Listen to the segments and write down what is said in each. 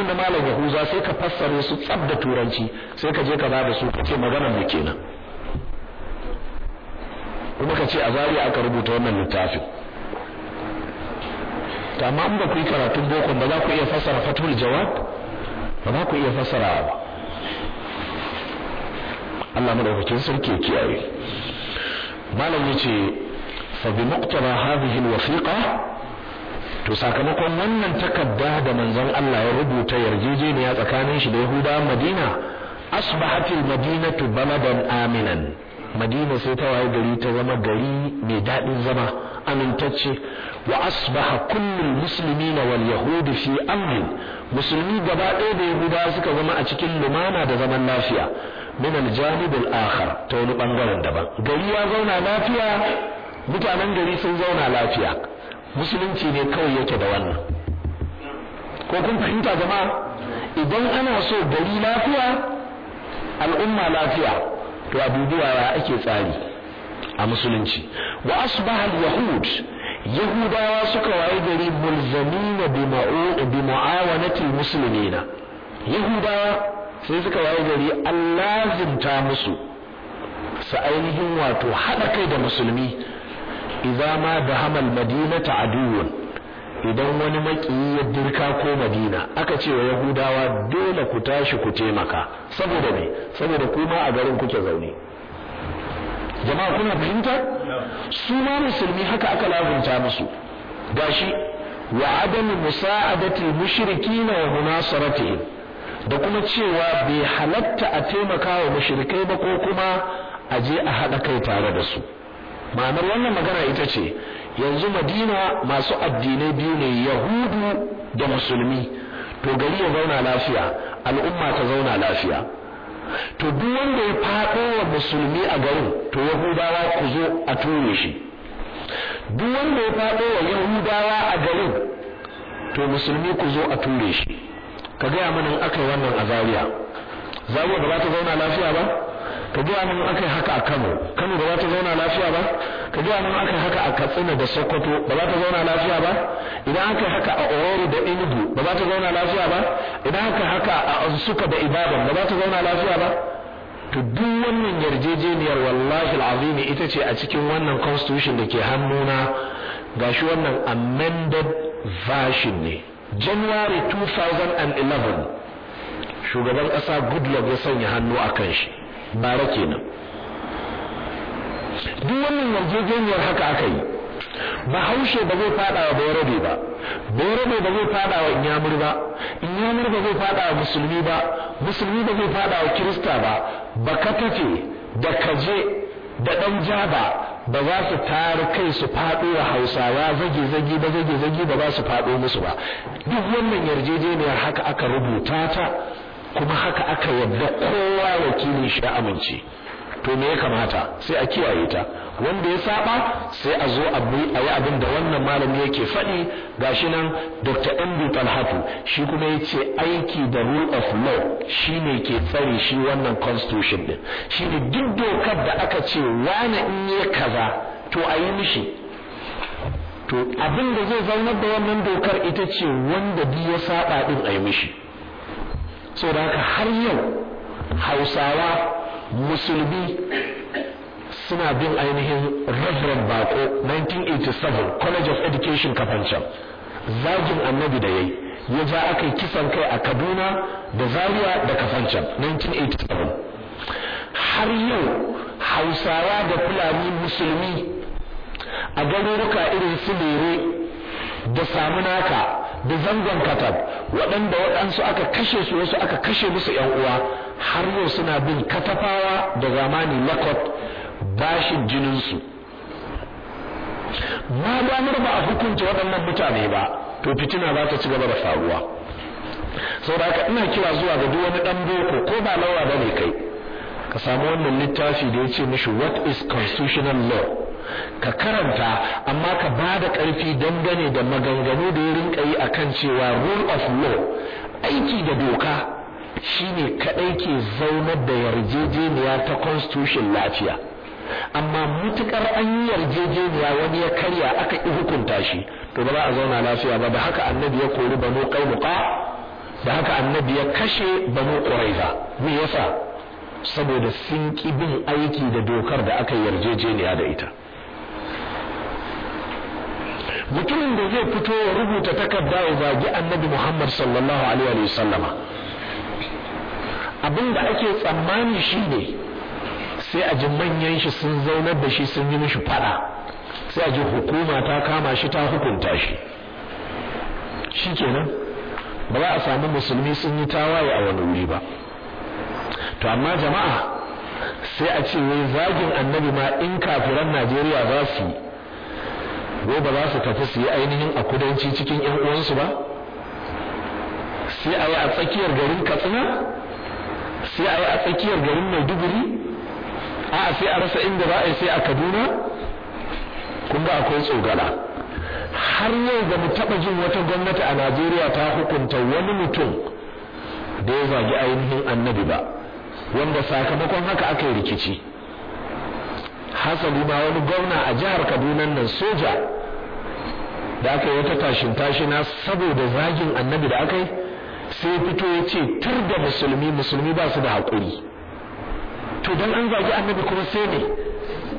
inda malam yahuza sai ka fassare su tsab da turanci sai ka je ka ba da su ka ce magana mu kenan kuma ka ce a zari aka rubuta wannan littafin amma in ba ku yi karatun boko ba za ku iya fassara fatul jawab ba za ku iya fassara ba Allah madaukakin sarki ya kiyaye malam yace fa bi muqtara hadhihi alwasiqa to sakamakon wannan takarda da manzon Allah ya rubuta yarjejeniya tsakanin shi da yahuda Madina asbahatil madinatu baladan aminan Madina sai ta waye gari ta zama gari mai daɗin zama amintacce wa asbaha kullul muslimina wal yahudi fi amrin musulmi gaba ɗaya da yahuda suka zama a cikin lumana da zaman lafiya min al janib al akhar ta wani bangaren daban gari ya zauna lafiya mutanen gari sun zauna lafiya musulunci ne kawai yake da wannan ko kun fahimta jama'a idan ana so gari lafiya al'umma lafiya to abubuwa ya ake tsari a musulunci wa asbaha yahud yahudawa suka waye gari mulzamina bi Musulmi muslimina yahudawa sai suka waye gari Allah zinta musu su ainihin wato haɗa kai da musulmi idza ma hamal almadinata aduwun idan wani makiyi ya dirka ko madina aka ce wa yahudawa dole ku tashi ku taimaka saboda me saboda kuma a garin kuke zaune jama'a kuna fahimta su ma musulmi haka aka lafunta musu gashi wa adami musa'adati mushrikina wa munasaratihim da kuma cewa bai halatta a taimaka wa mushrikai ba ko kuma a je a haɗa kai tare da su ma'anar wannan magana ita ce yanzu madina masu addinai biyu ne yahudu da musulmi to gari ya zauna lafiya al'umma ta zauna lafiya to duk wanda ya faɗo wa musulmi a garin to yahudawa ku zo a ture shi duk wanda ya faɗo wa yahudawa a garin to musulmi ku zo a ture shi ka gaya mana in aka yi wannan a Zariya. zaria ba za ta zauna lafiya ba ka gaya aka yi haka a Kano Kano ba za ta zauna lafiya ba ka gaya aka yi haka a Katsina da Sokoto ba za ta zauna lafiya ba idan yi haka a Owerri da Enugu ba za ta zauna lafiya ba idan yi haka a Ansuka da Ibadan ba za ta zauna lafiya ba to duk wannan yarjejeniyar wallahi alazimi ita ce a cikin wannan constitution da ke hannuna gashi wannan amended version ne January 2011 shugaban ƙasa Goodluck ya sanya hannu a kan shi bara kenan duk wannan yarjejeniyar haka aka yi bahaushe ba zai fada wa borobe ba borobe ba zai fada wa inyamur ba inyamur ba zai fada wa musulmi ba musulmi ba zai fada wa kirista ba ka tafe da kaje da dan ja ba za su tare kai su fado wa hausawa zage zage ba zage zage ba za su fado musu ba duk wannan yarjejeniyar haka aka rubuta ta kuma haka aka yadda kowa wakilin shi ya amince to me ya kamata sai a kiyaye ta wanda ya saba sai a zo a yi abin da wannan malami yake faɗi Ga shi nan dr mb talhatu shi kuma ya ce aiki da rule of law shi ne ke tsare shi wannan constitution din shi ne duk dokar da aka ce wani in ya kaza to a yi mishi to abin da zai zaunar da wannan dokar ita ce wanda duk ya saba din a yi mishi da haka har yau hausawa musulmi suna bin ainihin reverend bako 1987 college of education kafancan zagin annabi da yayi ya ja aka yi kisan kai a kaduna da zaria da kafancan 1987 har yau hausawa da fulani musulmi a garuruka irin su lere da samunaka da zangon katab waɗanda waɗansu aka kashe su wasu aka kashe musu yan uwa har yau suna bin katafawa da zamani lakot bashin jininsu ma damar ba a hukunta waɗannan mutane ba to fitina za ta ci gaba da faruwa saboda ina kira zuwa ga duk wani ɗan boko ko ba lawa ba ne kai ka samu wannan littafi da ya ce mishi what is constitutional law ka karanta amma ka ba da ƙarfi dangane da maganganu da ya rinka a kan cewa rule of law aiki da doka shine kadai ke zaunar da yarjejeniya ta constitution lafiya amma mutukar an yi yarjejeniya wani ya karya aka yi hukunta shi to ba za a zauna lafiya ba da haka annabi ya kori banu qainuqa da haka annabi ya kashe banu quraiza me yasa saboda sun ƙi bin aiki da dokar da aka yarjejeniya da ita mutumin da zai fito ya rubuta takarda ya zagi annabi muhammad sallallahu alaihi wa sallama abin da ake tsammani shi ne sai a ji manyan shi sun zaunar da shi sun yi mishi fara sai a ji hukuma ta kama shi ta hukunta shi shi kenan ba za a sami musulmi sun yi tawaye a wani wuri ba to amma jama'a sai a ce wai zagin annabi ma in kafiran najeriya za su yi Gobe ba za su tafi su yi ainihin a kudanci cikin yan uwansu ba sai a yi a tsakiyar garin katsina sai a yi a tsakiyar garin maiduguri a sai a rasa inda za a yi sai a kaduna kun ga akwai tsogala har yau da mu taɓa jin wata gwamnati a najeriya ta hukunta wani mutum da ya zagi ainihin annabi ba wanda sakamakon haka aka yi rikici hasali ma wani gwamna a jihar kaduna nan soja da aka yi wata tashin tashina saboda zagin annabi da aka yi sai fito ya ce tur da musulmi musulmi ba su da haƙuri to don an zagi annabi kuma sai ne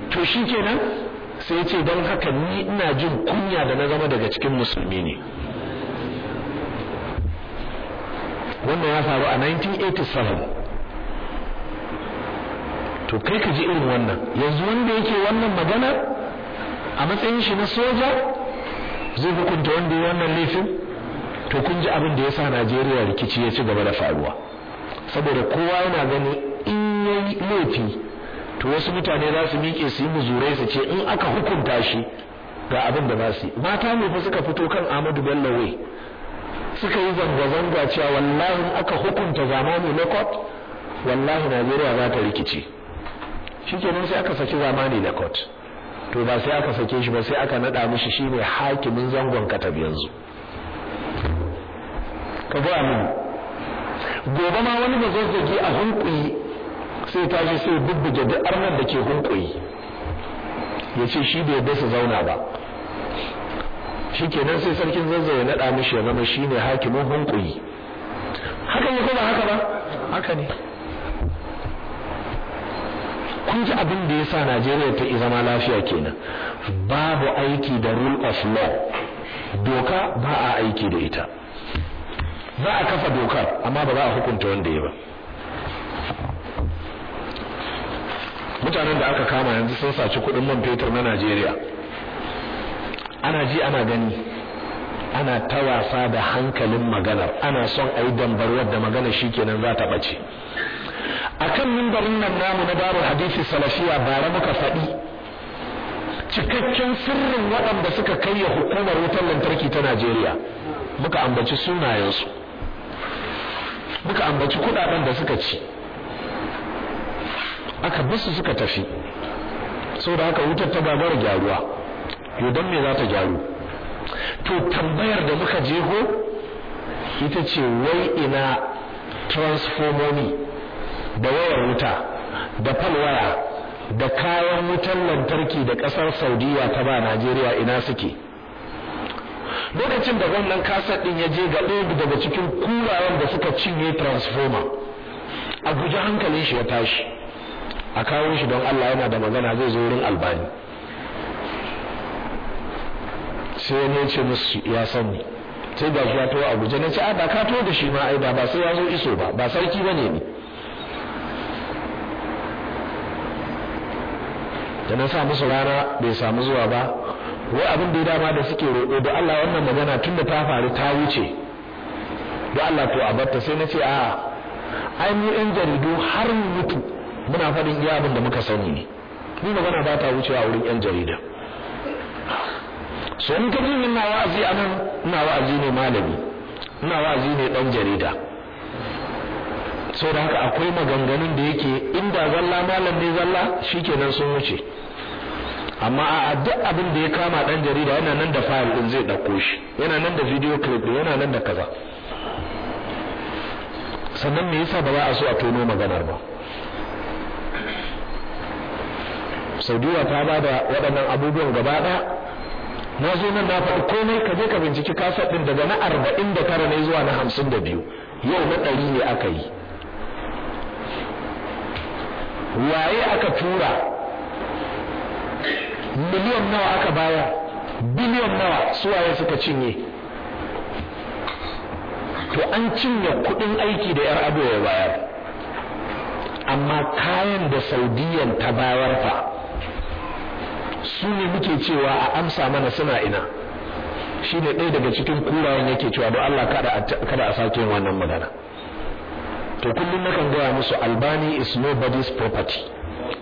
to shi kenan sai ce don haka ni ina jin kunya da na zama daga cikin musulmi ne wannan ya faru a 1987 to kai ka ji irin wannan yanzu wanda yake wannan magana a matsayin shi na soja zai hukunta wanda ya wannan laifin to kun ji abin da ya sa Najeriya rikici ya ci gaba da faruwa saboda kowa yana gani in yi laifi to wasu mutane za su miƙe su yi muzurai su ce in aka hukunta shi ga abin da za su yi mata ne fa suka fito kan Amadu Bello wai suka yi zanga-zanga cewa wallahi aka hukunta zamani na wallahi Najeriya za ta rikici. shikenan sai aka saki zamani da court to ba sai aka sake shi ba sai aka nada mishi shine hakimin zangon katab yanzu ka ga mu gobe ma wani da zagi a hunkuyi sai ta je sai bubbuge duk arnar da ke hunkuyi ya ce shi bai dasa zauna ba shi kenan sai sarkin zanzo ya naɗa mishi ya zama shi ne hakimin hunkuyi haka ne ko ba haka ba haka ne kun ji abin da ya sa Najeriya ta zama lafiya kenan babu aiki da rule of law doka ba a aiki da ita za a kafa dokar amma ba za a hukunta wanda ya ba mutanen da aka kama yanzu sun saci kudin man fetur na Najeriya ana ji ana gani ana ta wasa da hankalin maganar ana son a yi dambarwar da magana shikenan za ta ɓace akan mimbarin nan namu na darul hadisi salafiya bara muka faɗi cikakken sirrin waɗanda suka kaiya hukumar wutar lantarki ta Najeriya muka ambaci sunayensu muka ambaci kudaden da suka ci aka bisu suka tafi saboda haka wutar ta gagara gyaruwa yau don me za ta gyaru to tambayar da muka jeho ita ce wai ina transformomi da wayar wuta da falwaya da kayan wutan lantarki da kasar saudiya ta ba najeriya ina suke lokacin da wannan kasar din ya je ga ɗaya daga cikin kurayen da suka cinye transformer a guji hankalin shi ya tashi a kawo shi don allah yana da magana zai zo wurin albani sai ne ce musu ya sani sai ga shi ya tawo a guji na ce a ah, ba ka to da shi ma ai ba sai ya zo iso ba ba sarki bane ne da na sa musu rana bai samu zuwa ba wai abin da ya dama da suke roƙo da Allah wannan magana tun da ta faru ta wuce da Allah to a batta sai na ce a ai mu yan jaridu har mu mutu muna faɗin iya abin da muka sani ne ni magana ba ta a wurin yan jarida so in ka ina wa'azi a nan ina wa'azi ne malami ina wa'azi ne ɗan jarida saboda haka akwai maganganun da yake inda zalla malam ne zalla shikenan sun wuce amma a duk abin da ya kama dan jarida yana nan da fayil din zai dauko shi yana nan da video clip yana nan da kaza sannan me yasa ba za a so a tono maganar ba saudiya ta ba da waɗannan abubuwan gaba ɗaya na zo nan na faɗi komai ka je ka binciki kasar ɗin daga na arba'in da tara ne zuwa na hamsin da biyu yau na ɗari ne aka yi waye aka tura miliyan nawa aka bayar biliyan nawa su waye suka cinye to an cinye kudin aiki da yar abu ya bayar amma kayan da saudiyan ta bayar fa su ne muke cewa a amsa mana suna ina shi ne ɗaya daga cikin kurayen yake cewa don allah kada a sake wannan magana to kullum na kan gaya musu albani is nobody's property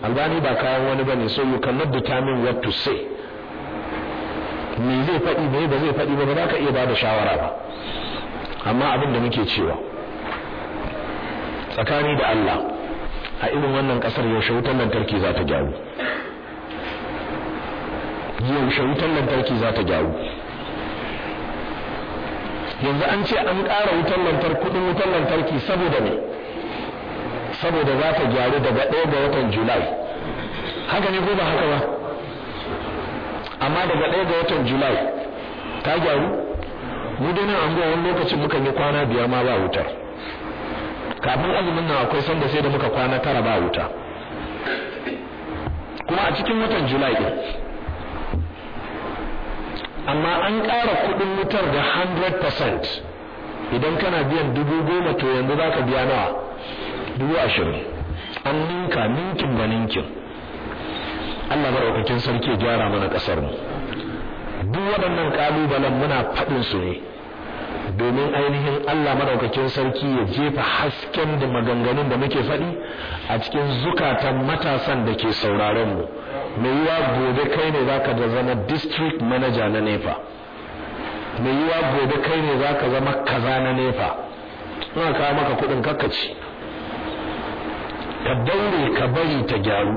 albani ba kayan wani ba ne so you cannot determine what to say me zai faɗi me ba zai faɗi ba ba za ka iya ba da shawara ba amma abin da muke cewa tsakani da Allah a irin wannan ƙasar yaushe wutan lantarki za ta lantarki za gyaru yanzu an ce an ƙara wutar lantarki kuɗin wutar lantarki saboda ne saboda za ta gyaru daga ɗaya ga watan julai haka ne ko ba haka ba amma daga ɗaya ga watan julai ta gyaru mu dai nan anguwa wani lokacin muka yi kwana biyar ma ba wutar kafin azumin nan akwai sanda sai da muka kwana tara ba wuta kuma a cikin watan julai ɗin amma an ƙara kuɗin wutar da 100% idan kana biyan dubu goma to yanzu za ka biya nawa dubu ashirin an ninka ninkin da ninkin Allah maɗaukakin sarki gyara mana ƙasar mu duk waɗannan ƙalubalen muna faɗin su ne domin ainihin Allah madaukakin sarki ya jefa hasken da maganganun da muke faɗi a cikin zukatan matasan da ke sauraron mu mai yiwa gobe kai ne zaka da zama district manager na nefa mai yiwa gobe kai ne zaka zama kaza na nefa ina kawo maka kuɗin kakkaci ka daure ka bari ta gyaru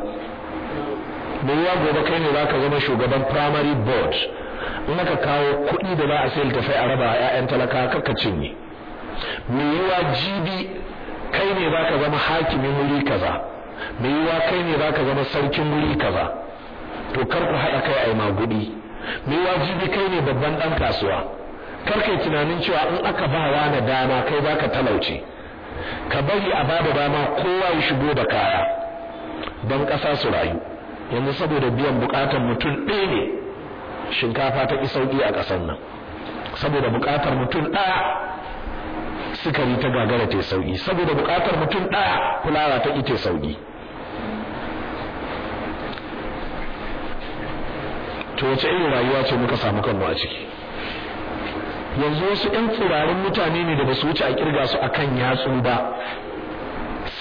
mai yiwa gobe kai ne zaka zama shugaban primary board in kawo kuɗi da za a da fai a raba a 'ya'yan talaka kakka cinye me yiwa jibi kai ne za ka zama hakimin wuri kaza me yiwa kai ne za ka zama sarkin wuri kaza to kar ku haɗa kai a magudi me yiwa jibi kai ne babban ɗan kasuwa kar kai tunanin cewa in aka ba wani dama kai za ka talauce ka bari a bada dama kowa ya shigo da kaya don ƙasa su rayu yanzu saboda biyan buƙatar mutum ɗaya ne shinkafa ta ki a ƙasar nan saboda buƙatar mutum ɗaya sukari ta gagara ta sauki saboda buƙatar mutum ɗaya kulawa ta ƙi ta sauki to wace irin rayuwa ce muka samu kanmu a ciki yanzu wasu 'yan tsirarin mutane ne da ba su wuce a kirga su akan yatsu ba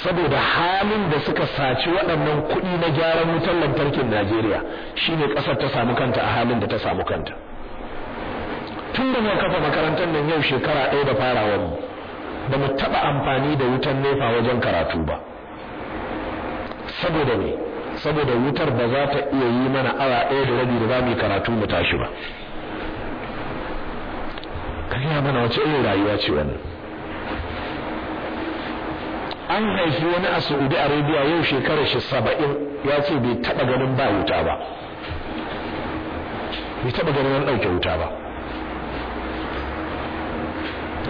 saboda halin da suka saci waɗannan kuɗi na gyaran wutar lantarkin Najeriya shine ƙasar ta samu kanta a halin da ta samu kanta tun da muka kafa makarantar nan yau shekara ɗaya da farawar mu ba mu taɓa amfani da wutar nefa wajen karatu ba saboda ne saboda wutar ba za ta iya yi mana awa ɗaya da rabi da za mu yi karatu mu tashi ba ka mana wace irin rayuwa ce wannan an haifi wani a saudi arabia yau shekarar shi saba'in ya ce bai taba ganin ba wuta ba bai taba ganin wani ɗauke wuta ba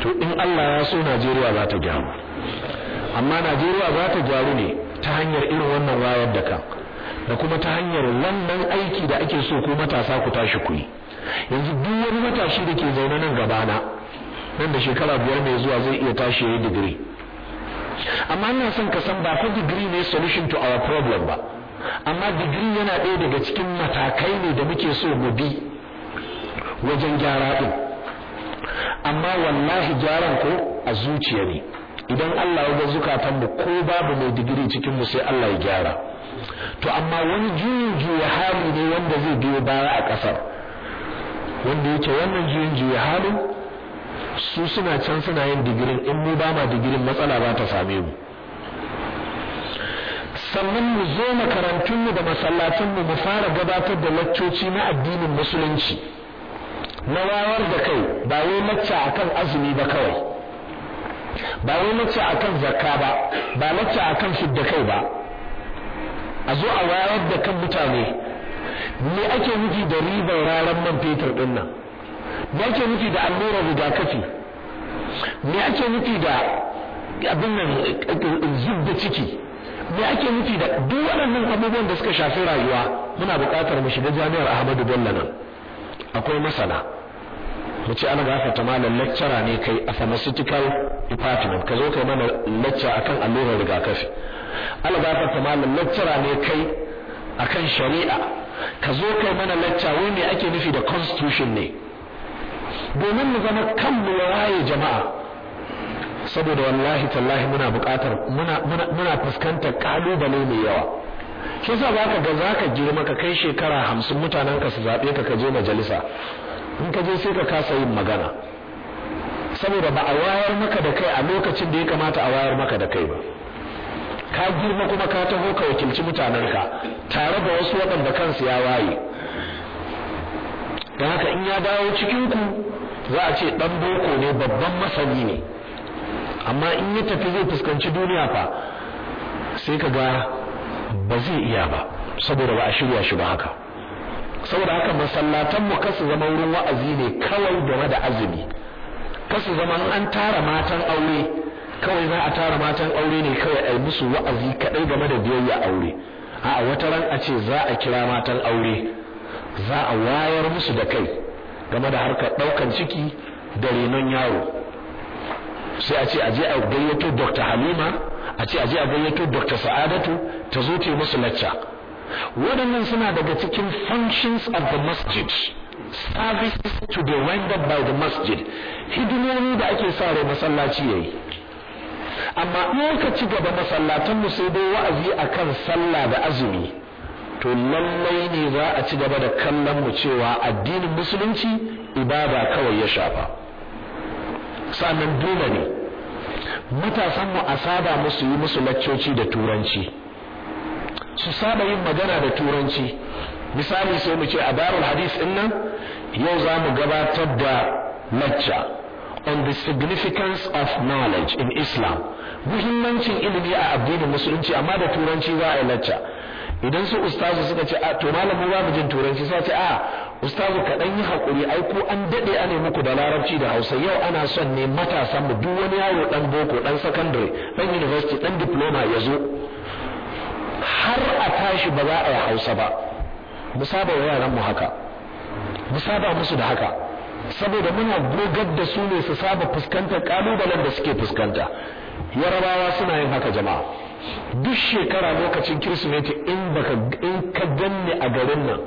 to in allah ya so najeriya za ta gyaru amma najeriya za ta gyaru ne ta hanyar irin wannan wayar da kan da kuma ta hanyar wannan aiki da ake so ko matasa ku tashi ku yi yanzu duk wani matashi da ke zaune nan gabana nan da shekara biyar mai zuwa zai iya tashi ya yi digiri amma ina son ka san ba fa degree ne solution to our problem ba amma degree yana ɗaya daga cikin matakai ne da muke so mu bi wajen gyara din. amma wallahi gyaran ko a zuciya ne idan Allah ya ga zukatanmu ko babu mai digiri cikin mu sai Allah ya gyara to amma wani juyin juya hali ne wanda zai biyo baya a ƙasar wanda yake wannan juyin juya halin su suna can suna yin digirin in mu ba ma digirin matsala ba ta same mu sannan mu zo makarantunmu da masallatunmu mu fara gabatar da laccoci na addinin musulunci na wayar da kai ba wai lacca akan azumi ba kawai ba wai lacca akan zakka ba ba lacca akan fidda kai ba a zo a wayar da kan mutane me ake nufi da ribar raran man fetur din me ake nufi da allurar rigakafi me ake nufi da abin nan zub da ciki me ake nufi da duk waɗannan abubuwan da suka shafi rayuwa muna buƙatar mu shiga jami'ar Ahmadu Bello nan akwai masana mu ce ana gafa ta malam lecturer ne kai a pharmaceutical department ka zo kai mana lecture akan allurar rigakafi ana gafa ta malam lecturer ne kai akan shari'a ka zo kai mana lecture wai me ake nufi da constitution ne domin mu zama kanmu ya waye jama'a saboda wallahi tallahi muna buƙatar muna fuskantar ƙalubale mai yawa shi yasa ka ga zaka girma ka kai shekara hamsin mutanen ka su zaɓe ka ka je majalisa in ka je sai ka kasa yin magana saboda ba a wayar maka da kai a lokacin da ya kamata a wayar maka da kai ba ka girma kuma ka taho ka wakilci mutanen ka tare da wasu waɗanda kansu ya waye don haka in ya dawo cikinku za a ce ɗan boko ne babban masani ne amma in ya tafi zai fuskanci duniya fa sai ka ga ba zai iya ba saboda ba a shirya shi ba haka saboda haka masallatan mu kasu zama wurin wa'azi ne kawai game da azumi kasu zama an tara matan aure kawai za a tara matan aure ne kawai a yi musu wa'azi kadai game da biyayya aure a wata ran a ce za a kira matan aure za a wayar musu da kai game da harkar ɗaukan ciki da renon yaro sai a ce a je a gayyato dr halima a ce a je a gayyato dr sa'adatu ta zo ta musu lacca waɗannan suna daga cikin functions of the masjid services to be rendered by the masjid hidimomi da ake sa rai masallaci yayi amma in ka ci gaba masallatan mu sai dai wa'azi akan sallah da azumi to lallai ne za a ci gaba da kallon mu cewa addinin musulunci ibada kawai ya shafa sannan dole ne matasan mu a saba musu yi musu laccoci da turanci su saba yin magana da turanci misali sai mu ce a darul hadis din nan yau za mu gabatar da lacca on the significance of knowledge in islam muhimmancin ilimi a addinin musulunci amma da turanci za a yi lacca idan su ustazu suka ce a to malamu ba mu jin turanci sai ce a ustazu kaɗan yi hakuri ai ko an daɗe ane muku da larabci da hausa yau ana son ne matasan mu duk wani yaro dan boko dan secondary ɗan university ɗan diploma ya zo har a tashi ba za a yi hausa ba mu saba wa yaran mu haka mu saba musu da haka saboda muna gogar da su ne su saba fuskantar kalubalen da suke fuskanta yarabawa suna yin haka jama'a duk shekara lokacin kirsimeti in baka in ka ganni a garin nan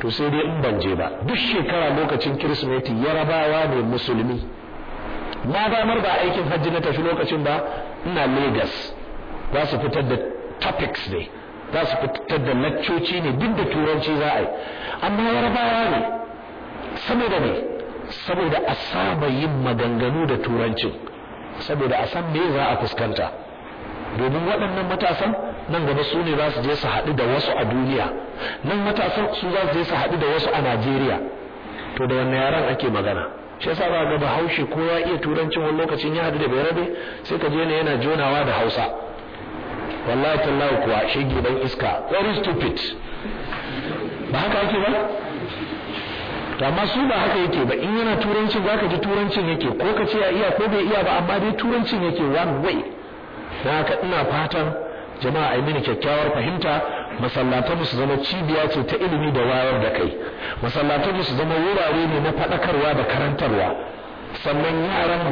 to sai dai in ban je ba duk shekara lokacin kirsimeti yarabawa ne musulmi na damar ba aikin hajji na tafi lokacin ba ina lagos za su fitar da topics ne za su fitar da laccoci ne duk da turanci za a yi amma yarabawa ne saboda ne saboda a saba yin maganganu da turancin saboda a san me za a fuskanta domin waɗannan matasan nan gaba su ne za su je su haɗu da wasu a duniya nan matasan su za su je su haɗu da wasu a Najeriya to da wannan yaran ake magana shi yasa za ga Bahaushe ko ya iya turancin wani lokacin ya haɗu da Bayarabe sai ka je ne yana jonawa da Hausa wallahi tallahi kuwa shi gidan iska very stupid ba haka ake ba to amma su ba haka yake ba in yana turancin ka ji turancin yake ko ka ce ya iya ko bai iya ba amma dai turancin yake one way don haka ina fatan jama'a ai mini kyakkyawar fahimta masallatanmu su zama cibiya ce ta ilimi da wayar da kai masallatanmu su zama wurare ne na faɗakarwa da karantarwa sannan yaran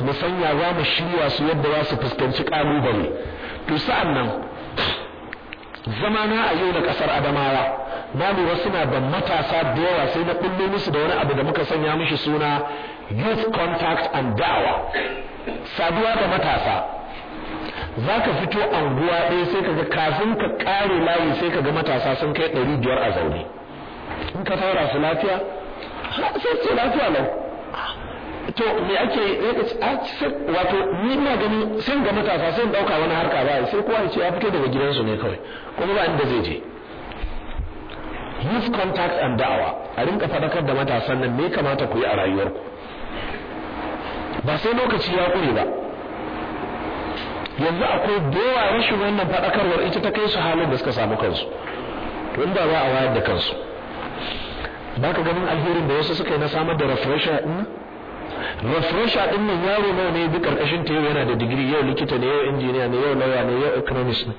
mu sanya za mu shirya su yadda za su fuskanci ƙalubale to sa'an nan zamana a yau na ƙasar adamawa na lura suna da matasa da yawa sai na kullo musu da wani abu da muka sanya mishi suna youth contact and dawa saduwa da matasa za ka fito anguwa ɗaya sai ka ga kafin ka ƙare layi sai ka ga matasa sun kai ɗari biyar a zaune in ka saura su lafiya sai ce lafiya lau to me ake eh, wato ni ina gani sun ga matasa sun ɗauka wani harka ba sai kowa ya ce ya fito daga gidansu ne kawai kuma ba inda zai je youth contact and da'awa a rinka faɗakar da matasan nan me kamata ku yi a rayuwarku ba sai lokaci ya ƙure ba yanzu akwai dewa rashin wannan fadakarwar ita ta kai su halin da suka samu kansu tun da za a wayar da kansu ba ka ganin alherin da wasu suka yi na samar da refresher ɗin refresher din nan yaro nawa ne bi karkashin ta yau yana da digiri yau likita ne yau injiniya ne yau lauya ne yau economist ne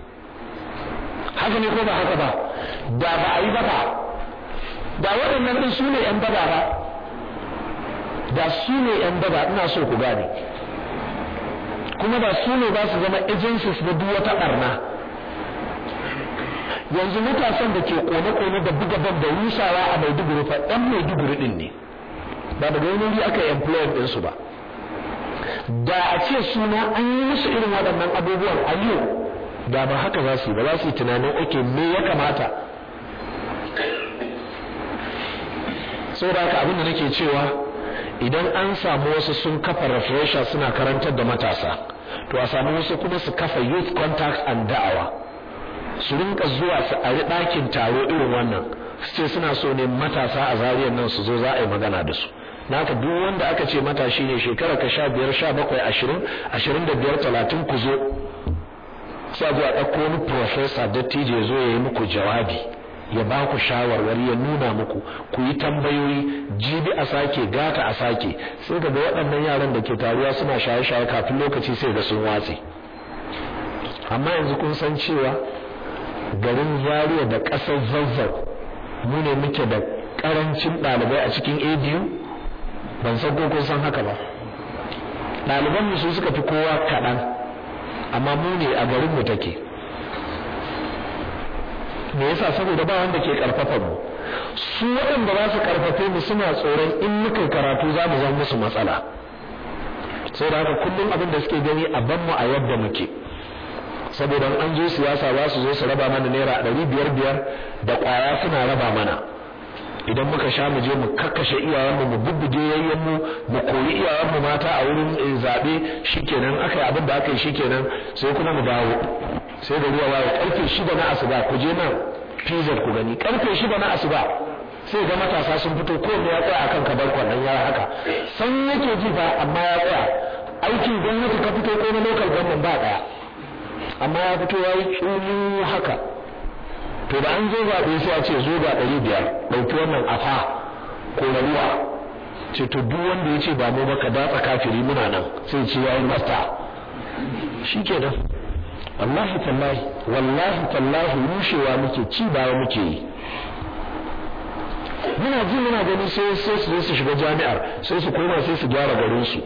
haka ne ko ba haka ba da ba a yi ba ba da waɗannan ɗin su ne 'yan daba ba da su ne 'yan daba, ina so ku gane kuma ba su ne ba su zama agencies na duk wata barna yanzu matasan da ke kone-kone da buga ban da rusawa a maiduguri fa ɗan maiduguri ɗin ne ba da wani wuri aka employer ɗinsu ba da a ce suna an yi musu irin waɗannan abubuwan aliyu da ba haka za su yi ba za su yi tunanin ake ne ya kamata saboda haka abin da nake cewa idan an samu wasu sun kafa refresher suna karantar da matasa to a samu wasu kuma su kafa youth contact and da'awa su rinka zuwa su ari ɗakin taro irin wannan su ce suna so ne matasa a zariyar nan su zo za a yi magana da su na ka duk wanda aka ce matashi ne shekara ka sha biyar sha bakwai ashirin ashirin da biyar talatin ku zo sa a ɗauko wani profesa dattijo ya zo ya yi muku jawabi ya ba ku shawarwari ya nuna muku ku yi tambayoyi jibi a sake gata a sake sai ga waɗannan yaran da ke taruwa suna shaye-shaye kafin lokaci sai ga sun watse amma yanzu kun san cewa garin zariya da ƙasar zazzau mu ne muke da ƙarancin ɗalibai a cikin abu ban san kun san haka ba ɗaliban mu su suka fi kowa kaɗan amma mu ne a garin mu take me yasa saboda ba wanda ke karfafa mu su waɗanda za su karfafe mu suna tsoron in muka karatu za mu zama musu matsala sai da haka kullum abin da suke gani a ban mu a yadda muke saboda an je siyasa za su zo su raba mana naira ɗari biyar biyar da ƙwaya suna raba mana idan muka sha mu je mu kakkashe iyayenmu mu bubbuge yayyenmu mu koyi iyayenmu mata a wurin eh, zaɓe shikenan aka yi abin da aka yi shikenan sai kuma mu dawo sai da ruwa waye karfe shida na asuba ku je nan pizza ku gani karfe shida na asuba sai ga matasa sun fito ko ya tsaya akan kabar kwallon ya haka san yake ji ba amma ya tsaya aikin gwamnati ka fito ko na local government ba daya amma ya fito ya yi haka to da an zo zaɓe sai a ce zo ga ɗari biyar ɗauki wannan afa ko na ruwa ce to duk wanda ya ce ba mu ba ka datsa kafiri muna nan sai ce ya yi masta shi kenan wallahi tallahi wallahi tallahi rushewa muke ci ba muke yi muna ji muna gani sai sai su su shiga jami'ar sai su koma sai su gyara garin su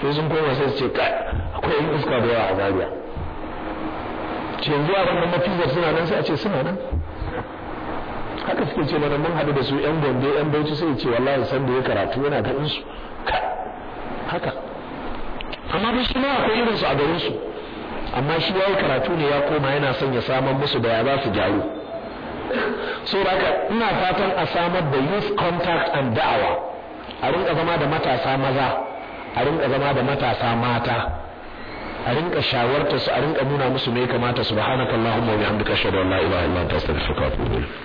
sai sun koma sai su ce kai akwai yin iska da yawa a Zaria ce yanzu yaran nan mafizar suna nan sai a ce suna nan haka suke ce mana mun haɗu da su yan gombe yan bauchi sai ce wallahi san da ya karatu yana ganin su haka amma dai shi ma akwai irin su a garin su amma shi ya yi karatu ne ya koma yana son ya samar musu da ya za su gyaru so haka ina fatan a samar da youth contact and da'awa a rinka zama da matasa maza a rinka zama da matasa mata a rinka shawarta su a rinka nuna musu me kamata subhanakallahumma wa bihamdika ashhadu an la ilaha illa anta astaghfiruka wa atubu ilayk